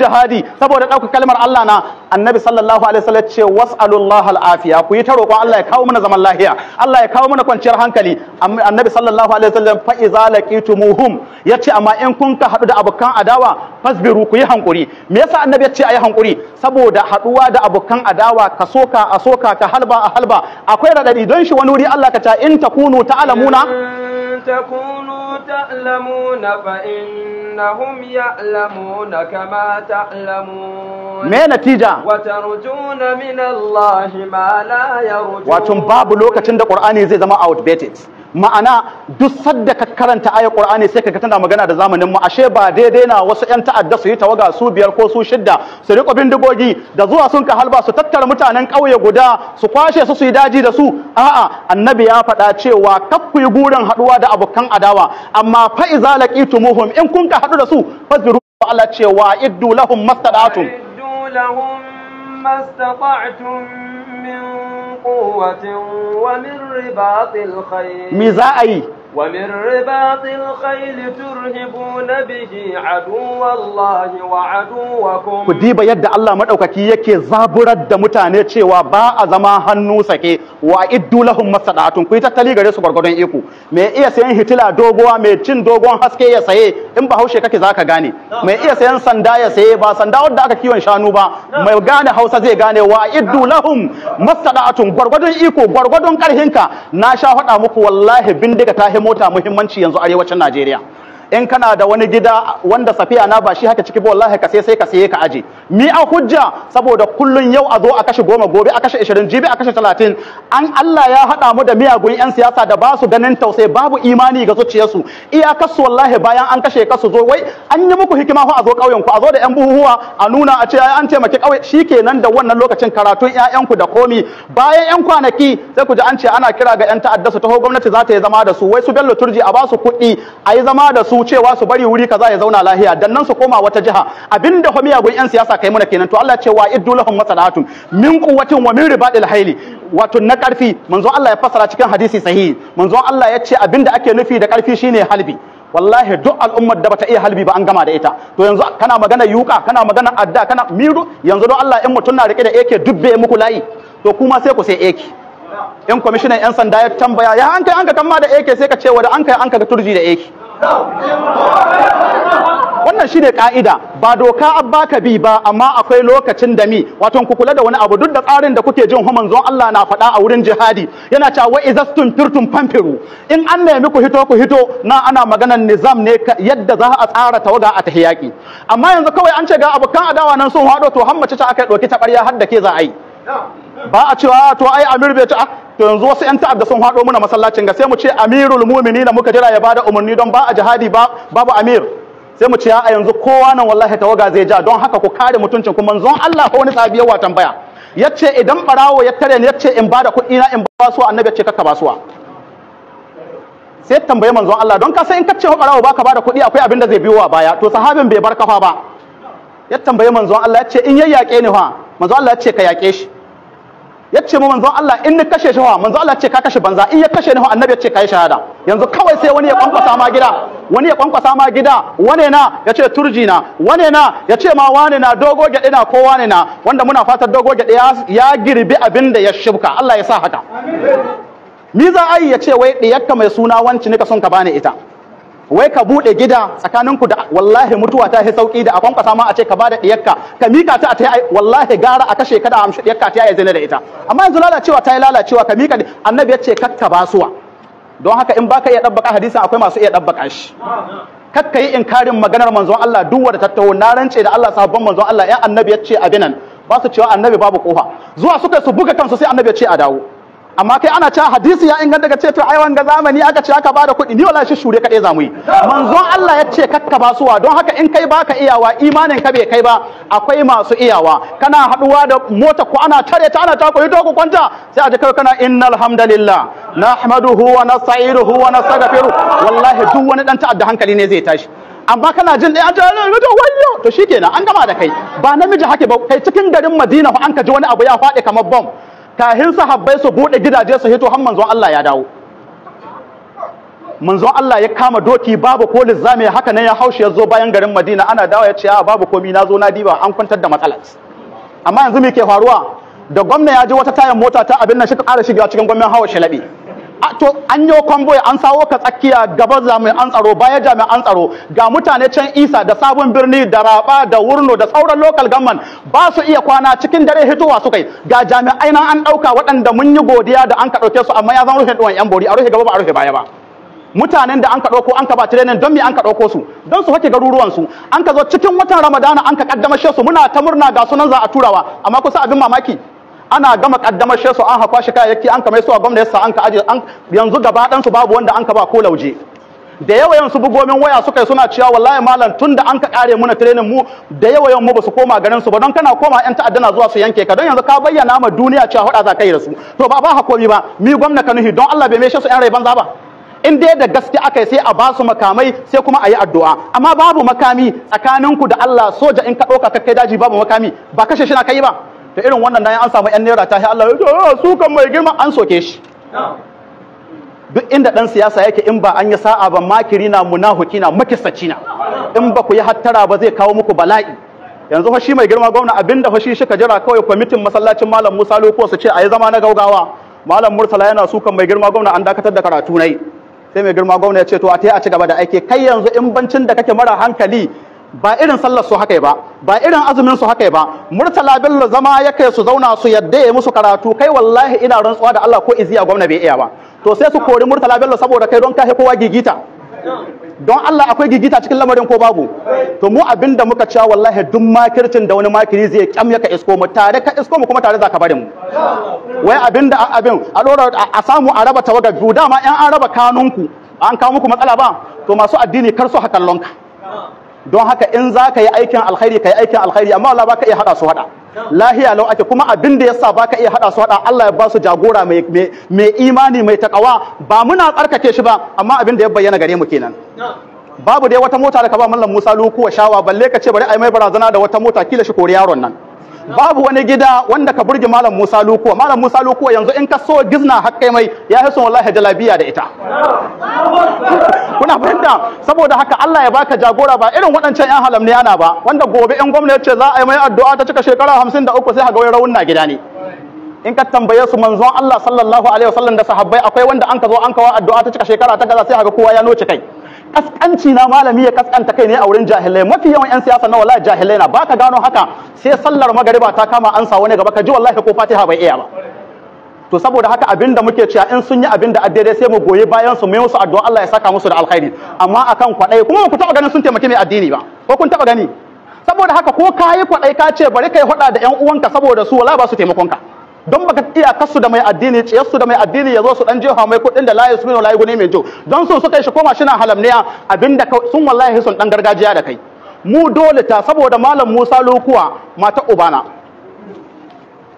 jihadi saboda ɗauka kalmar Allah na annabi sallallahu alaihi wasallam ce was'alullah al'afiya ku yi ta roƙon Allah ya kawo mana zaman lahiya Allah ya kawo mana kwanciyar hankali annabi sallallahu alaihi wasallam fa iza laqitumuhum yace amma in kun ka haɗu da abokan adawa fasbiru ku yi hankuri me yasa annabi ya ce ayi hankuri saboda haɗuwa da abokan adawa ka soka a soka ka halba a halba akwai radadi don shi wani wuri Allah ka ta in takunu ta'lamuna تكونوا تعلمون فإنهم يعلمون كما تعلمون me natija watarjuna min wato babu lokacin da Qur'ani zai zama outdated ma'ana duk sadda ka karanta ayar Qur'ani sai ka tana magana da zamanin mu ashe ba daidai na wasu ƴan ta'adda su yi tawaga su biyar ko su shidda su riƙo bindigogi da zuwa sun ka halba su tattara mutanen ƙauye guda su kwashe su su yi daji da su a'a annabi ya faɗa cewa kaf yi gurin haɗuwa da abokan adawa amma fa iza laqitumuhum in kun ka haɗu da su fazbiru Allah cewa iddu lahum iddu lahum ما استطعتم من قوة ومن رباط الخير مي za a yi ومن رباط الخيل ترهبون به عدو الله وعدوكم ku diba yadda Allah madaukaki yake zaburar da mutane cewa ba a zama hannu sake wa iddu lahum masadatun ku tattali gare su gurgurdan iko mai iya sayan hitila dogowa mai cin dogon haske ya saye in ba haushe kake zaka gane mai iya sayan sanda ya saye ba sanda wanda aka kiwon shanu ba mai gane Hausa zai gane wa iddu lahum masadatun gurgurdan iko gurgurdan karhinka na sha faɗa muku wallahi bindiga ta mota muhimmanci yanzu arewacin Najeriya in kana da wani gida wanda safiya na ba shi haka ciki ba wallahi ka sai sai ka siye ka aje mi a hujja saboda kullun yau a zo a kashe goma gobe a kashe ishirin jibi a kashe talatin an Allah ya haɗa mu da miyagun 'yan siyasa da ba su ganin tausayi babu imani ga zuciyarsu iyakarsu wallahi bayan an kashe kasu zo wai an yi muku hikima ku a zo ƙauyen ku a zo da 'yan buhuhuwa a nuna a ce an taimaki ƙauye shikenan da wannan lokacin karatun ƴaƴanku da komi bayan 'yan kwanaki sai ku ji an ce ana kira ga 'yan ta'adda su gwamnati za ta yi zama da su wai su bello turji a ba su kuɗi a yi zama da su cewa su bari wuri kaza ya zauna lahiya dan nan su koma wata jiha abinda fa miyagun yan siyasa kai muna kenan to Allah ce wa iddu lahum masalatun min quwwatin wa min ribadil hayli wato na karfi manzo Allah ya fassara cikin hadisi sahihi manzo Allah ya ce abinda ake nufi da karfi shine halbi wallahi duk al'ummar da bata iya halbi ba an gama da ita to yanzu kana magana yuka kana magana adda kana miru yanzu don Allah in mutum na rike da AK dubbe muku layi to kuma sai ku sai AK in kwamishinan yan sanda ya tambaya ya an kai an ka kama da AK sai ka ce wa da an kai an ka turji da AK wannan shi ne ka'ida ba doka an baka bi ba amma akwai lokacin da mi wato ku kula da wani abu duk da tsarin da kuke jin human zon Allah na faɗa a wurin jihadi yana cewa wa izastun turtun famfiru in an nemi ku hito ku hito na ana maganan nizam ne yadda za a tsara tawaga a tahiyaki amma yanzu kawai an ce ga abokan adawa nan sun haɗo to mace ta aka ɗauki taɓarya har da ke za a yi ba a cewa ah, to ai amir bai ci ah, to yanzu wasu yan ta'adda sun haɗo muna masallacin ga sai mu ce amirul mu'minin na muka jira ya bada umarni don ba a jihadi babu amir sai mu ce ah, a yanzu kowa nan wallahi tawaga zai ja don haka ku kare mutuncin ku manzon Allah ko wani sahabi yawa tambaya yace idan barawo ya tare ni yace in bada kuɗi na in ba su annabi yace kakka ba su sai tambaye manzon Allah don ka san in kace barawo baka bada kuɗi akwai abin da zai biyo wa baya to sahabin bai bar kafa ba ya tambaye manzon Allah yace in yayyake ni fa manzon Allah yace ka yake shi ya ce mu Allah in ni kashe shi manzo Allah ce ka kashe banza in ya kashe ni annabi ya ce kai shahada yanzu kawai sai wani ya kwankwasa ma gida wani ya kwankwasa ma gida wane na ya ce turji na wane na ya ce ma wane na dogo gyaɗe na ko wane na wanda muna fatar dogo gyaɗe ya girbi abin da ya shibka Allah ya sa haka mi za a yi ya ce wai ɗiyakka mai suna wanci ni ka son ka bani ita wai ka bude gida tsakaninku da wallahi mutuwa ta yi sauki da akon kwasa ma a ce ka bada diyarka ka mika ta a ta wallahi gara a kashe kada amshi diyarka ta yi zina da ita amma yanzu lalacewa ta yi lalacewa ka mika annabi ya ce kakka basuwa don haka in baka iya dabbaka hadisin akwai masu iya dabbaka shi kakka yi inkarin maganar manzon Allah duk wanda tattaho na rance da Allah sabon manzon Allah ya annabi ya ce abinan ba su cewa annabi babu kofa zuwa suka su buga kansu sai annabi ya ce a dawo amma kai ana cewa hadisi ya inganta daga ce to ai wanga zamani aka ce aka bada kuɗi ni wallahi shi shure kaɗai zamu yi manzon Allah ya ce kakka ba basuwa don haka in kai baka iyawa imanin ka bai kai ba akwai masu iyawa kana haduwa da mota ko ana tare ta ana ta koyi to kwanta sai a ji kai kana innal hamdalillah nahmaduhu wa nasta'inuhu wa nastaghfiruh wallahi duk wani dan ta'adda hankali ne zai tashi amma kana jin ɗaya ta to wayo to shikenan an gama da kai ba namiji hake ba kai cikin garin Madina an ka ji wani abu ya faɗi kamar bomb kahin sahabbai su bude gidaje su hito har manzon Allah ya dawo manzon Allah ya kama doki babu ko lizame haka nan ya haushi ya bayan garin Madina ana dawo ya ce a babu komi na zo na diba an kwantar da matsalar amma yanzu me ke faruwa da gwamna ya ji wata tayan mota ta abin nan shi ƙara shiga cikin gwamnan hawa shalabi to an yi kwamboy an sawo ka tsakiya gaban jami'an tsaro baya jami'an tsaro ga mutane can isa da sabon birni da raba da wurno da tsauran local government ba su iya kwana cikin dare hitowa su kai ga jami'ai nan an ɗauka waɗanda mun yi godiya da an ka ɗauke su amma ya zan rufe ɗuwan 'yan bori a rufe gaba ba a rufe baya ba mutanen da an ka ɗauko an ka ba tirenin don me an ka ɗauko su don su hake garuruwansu an ka zo cikin watan ramadana an ka ƙaddamar su muna ta murna ga sunan za a turawa amma kusa abin mamaki ana gama kaddamar shi su an hafa shi kayayyaki an kamar su a gwamnati sa an ka aje yanzu gaba dan su babu wanda an ka ba ko lauje da yawa su bugomin waya suka yi suna cewa wallahi malam tun da an ka kare muna tirenin mu da yan mu ba su koma garin su ba don kana koma yan ta'adda na zuwa su yanke ka don yanzu ka bayyana ma duniya cewa hada za ka da su to ba ba hakomi ba mi gwamna ka nuhi don Allah bai meshe su yan rai banza ba in dai da gaske aka yi sai a basu makamai sai kuma a yi addu'a amma babu makami tsakaninku da Allah soja in ka ɗauka kai daji babu makami ba kashe shi na kai ba to irin wannan na an samu yan naira ta Allah ya ah, su kan mai girma an soke shi duk inda dan siyasa yake in ba an yi sa'a ba makiri na munahuki na makisaci na in ba ku yi hattara ba zai kawo muku bala'i yanzu hashi mai girma gwamna abinda hashi shi ka jira kawai kwamitin masallacin malam Musa Loko su ce a yi zama na gaugawa malam Murtala yana sukan mai girma gwamna an dakatar da karatu yi sai mai girma gwamna ya ce to a yi a ci gaba da aiki kai yanzu in bancin da kake mara hankali ba irin sallar su haka ba ba irin azumin su haka ba murtala bello zama ya su zauna su yadda ya musu karatu kai wallahi ina rantsuwa da Allah ko iziya gwamna bai iya ba to sai su kori murtala bello saboda kai don kai kowa gigita don Allah akwai gigita cikin lamarin ko babu to mu abinda muka cewa wallahi duk makircin da wani makiri zai kyam ya ka isko mu tare ka isko mu kuma tare za ka bari mu wai abinda abin a dora a samu a raba tawaga biyu dama yan an raba kanunku an kawo muku matsala ba to masu addini kar su hakallonka ka. don haka in za ka yi aikin alkhairi ka yi aikin alkhairi amma Allah baka iya hada su hada lahiya lau ake kuma abin da yasa baka iya hada su hada Allah ya ba su jagora mai imani mai takawa ba muna tsarkake shi ba amma abin da ya bayyana gare mu kenan babu dai wata mota da ka ba mallam Musa lukuwa shawa balle ka ce bari ai mai barazana da wata mota kila shi kori yaron nan babu wani gida wanda ka burge malam Musa Lukuwa malam Musa Lukuwa yanzu in ka so gizna hakkai mai ya yi son wallahi jalabiya da ita kuna fahimta saboda haka Allah ya baka jagora ba irin waɗancan yan halam ne yana ba wanda gobe in gwamnati ce za a yi mai addu'a ta cika shekara hamsin da uku sai ga wai na gida ne in ka tambaye su manzon Allah sallallahu alaihi wasallam da sahabbai akwai wanda an ka zo an kawo addu'a ta cika shekara ta gaza sai ga kowa ya noce kai kaskanci na malami ya kaskanta kai ne a wurin jahilai mafi yawan yan siyasa na wallahi jahilai na baka gano haka sai sallar magariba ta kama an sa wani gaba ka ji wallahi ko fatiha bai iya ba to saboda haka abin da muke cewa in sun yi abin da addai sai mu goyi bayan su mai musu addu'a Allah ya saka musu da alkhairi amma akan kwadai kuma ku taba ganin sun taimaki mai addini ba ko kun taba gani saboda haka ko kayi kwadai ka ce bari kai hada da yan uwanka saboda su wallahi ba su taimakon ka don baka iyakarsu da mai addini ciyarsu da mai addini ya zo su dan ha mai kuɗin da layi sumin layi gune mai jo don sun suka yi shi koma shina halamniya abinda sun wallahi sun dan gargajiya da kai mu dole ta saboda malam Musa Lokuwa mata ubana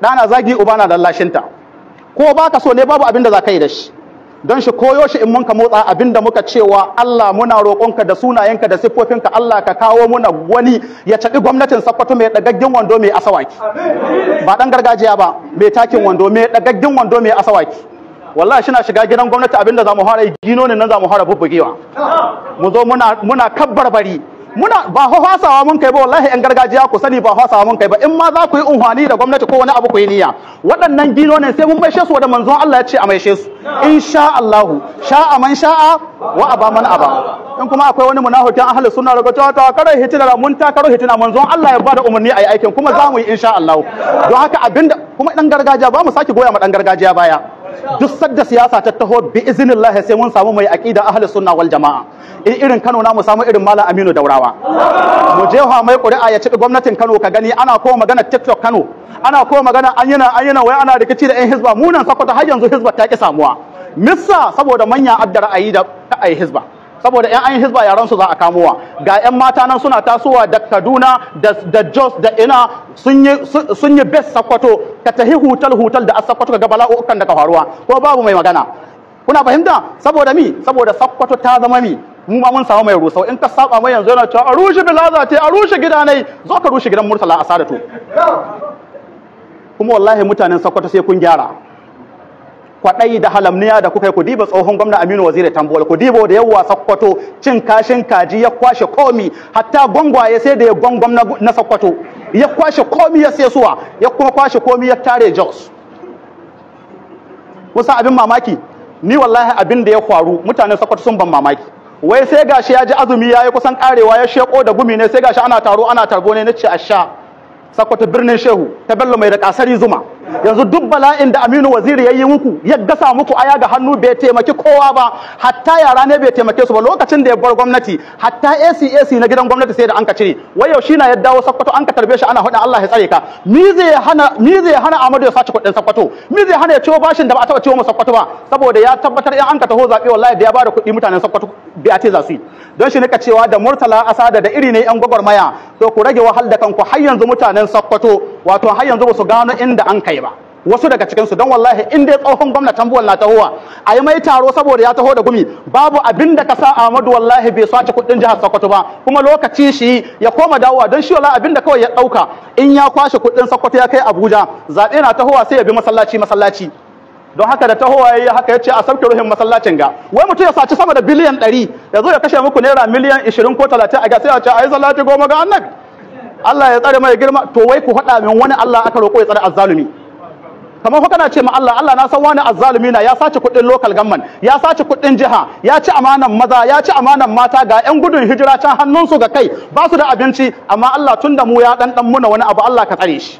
dana zagi ubana da lashinta ko baka so ne babu abinda za ka yi da shi don shi koyo shi in mun ka motsa da muka cewa Allah muna roƙonka da sunayenka da siffofinka Allah ka kawo muna wani ya caɓi gwamnatin Sokoto mai ɗagaggin wando mai asawaki ba ɗan gargajiya ba mai takin wando mai ɗagaggin wando mai asawaki wallahi shina shiga gidan gwamnati abin abinda hara fara gino ne nan zamu fara bubbugewa mu zo muna muna bari muna ba hasawa mun kai ba wallahi yan gargajiya ku sani ba hasawa mun kai ba in ma za ku yi unhwani da gwamnati ko wani abu ku yi niyya waɗannan gino ne sai mun maishe su da manzon Allah ya ce a maishe su insha Allah sha'a man sha'a wa aba man aba in kuma akwai wani munafikin ahli sunna daga cewa ta kare hitina mun ta karo hitina manzon Allah ya bada umarni a yi aikin kuma za mu yi insha Allah don haka abinda kuma dan gargajiya ba mu sake goya ma dan gargajiya baya duk sadda siyasa ta taho bi iznillah sai mun samu mai aqida ahli sunna wal jamaa in irin Kano na mu samu irin Malam Aminu Daurawa mu je ha mai ƙuri'a ya ci gwamnatin Kano ka gani ana ko magana TikTok Kano ana ko magana an yana an yana wai ana rikici da 'yan hizba munan sakwata har yanzu hizba ta ki samuwa Misa saboda manya adda ra'ayi da ra'ayi hizba saboda yan an hizba yaran su za a kamowa ga yan mata nan suna tasowa da Kaduna da Jos da ina sun yi sun yi best sakwato ka tahi hutal hutal da ka ga ukan da ka faruwa ko babu mai magana kuna fahimta saboda mi saboda sakwato ta zama mi mu ma mun samu mai rusau in ka saba mai yanzu yana cewa a rushe bilaza te a rushe gidanai zo ka rushe gidan Murtala a Sadatu kuma wallahi mutanen sakwato sai kun gyara kwaɗayi da halamniya da kuka yi ku diba tsohon gwamna Aminu Waziri Tambola ku dibo da yawa Sokoto cin kashin kaji ya kwashe komi hatta gwangwaye sai da ya gwangwam na Sokoto ya kwashe komi ya sai suwa ya kuma kwashe komi ya tare Jos kusa abin mamaki ni wallahi abin da ya faru mutanen Sokoto sun ban mamaki wai sai gashi ya ji azumi ya yi kusan karewa ya sheko da gumi ne sai gashi ana taro ana tarbo ne na ce a sha Sokoto birnin Shehu ta Bello mai da kasari zuma yanzu duk bala'in da Aminu Waziri ya yi muku ya gasa muku aya ga hannu bai taimaki kowa ba hatta yara ne bai taimake su ba lokacin da ya bar gwamnati hatta ACAC na gidan gwamnati sai da an ka cire wai yau shi na ya dawo Sokoto an ka tarbe shi ana hudu Allah ya tsare ka ni zai hana Amadu ya sace kuɗin Sokoto mi zai hana ya ciwo bashin da ba a taɓa ciwo mu Sokoto ba saboda ya tabbatar in an ka taho zaɓe wallahi da ya bada kuɗi mutanen Sokoto bai a ce za su yi don shi nika cewa da Murtala Asada da iri ne yan gwagwarmaya to ku rage wahal da kanku har yanzu mutanen Sokoto wato har yanzu ba su gano inda an kai ba wasu daga cikinsu don wallahi in dai tsohon gwamnatin buwan na tahowa a yi mai taro saboda ya taho da gumi babu abin da ka sa Ahmadu wallahi bai sace kuɗin jihar Sokoto ba kuma lokaci shi ya koma dawowa don shi wallahi abin da kawai ya ɗauka in ya kwashe kuɗin Sokoto ya kai Abuja zaɓe na tahowa sai ya bi masallaci masallaci don haka da tahowa yayi haka yace a sauke ruhin masallacin ga wai mutum ya saci sama da biliyan ya zo ya kashe muku naira miliyan 20 ko talatin a ga sai ya ce ai salati goma ga annabi Allah ya tsare mai girma to wai ku faɗa min wani Allah aka roƙo ya tsare azzalumi kamar fa na ce ma Allah Allah na san wani azzalumi na ya sace kuɗin local government ya sace kuɗin jiha ya ci amanan maza ya ci amanan mata ga yan gudun hijira can hannunsu ga kai ba su da abinci amma Allah tunda mu ya dan dan muna wani abu Allah ka tsare shi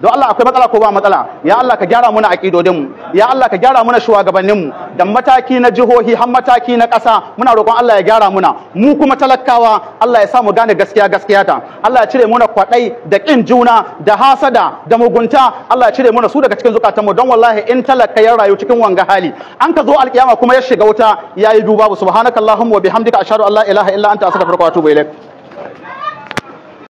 don Allah akwai matsala ko ba matsala ya Allah ka gyara muna aƙidodinmu ya Allah ka gyara muna shugabanninmu da mataki na jihohi har mataki na ƙasa muna roƙon Allah ya gyara muna mu kuma talakawa Allah ya sa mu gane gaskiya gaskiya ta Allah ya cire muna kwaɗai da ƙin juna da hasada da mugunta Allah ya cire muna su daga cikin zukatanmu don wallahi in talaka ya rayu cikin wanga hali an ka zo alƙiyama kuma ya shiga wuta yayi duba subhanakallahumma wa bihamdika ashhadu an la ilaha illa anta astaghfiruka wa atubu ilaik